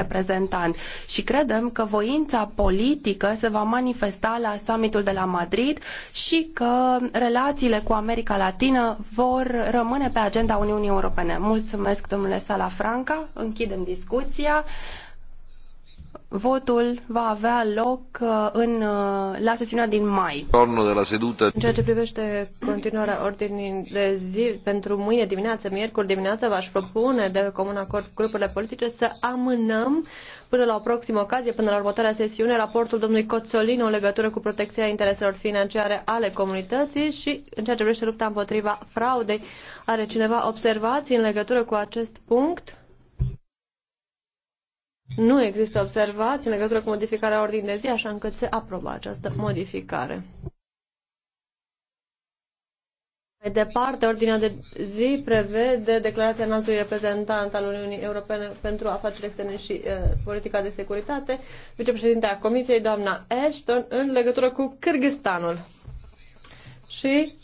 reprezentant și credem că voința politică se va manifesta la summitul de la Madrid și că relațiile cu America Latină vor rămâne pe agenda Uniunii Europene. Mulțumesc, domnule Salafranca. Închidem discuția. Votul va avea loc uh, în, uh, la sesiunea din mai. Tornul de la sedută. În ceea ce privește continuarea ordinii de zi pentru mâine dimineață, miercuri dimineață, v-aș propune de comun acord cu grupurile politice să amânăm până la o proximă ocazie, până la următoarea sesiune, raportul domnului Coțolino în legătură cu protecția intereselor financiare ale comunității și în ceea ce privește lupta împotriva fraudei. Are cineva observații în legătură cu acest punct? Nu există observații în legătură cu modificarea ordinii de zi, așa încât se aprobă această modificare. Mai departe, ordinea de zi prevede declarația înaltului reprezentant al Uniunii Europene pentru afaceri externe și uh, politica de securitate, vicepreședintea Comisiei, doamna Ashton, în legătură cu Kyrgyzstanul. Și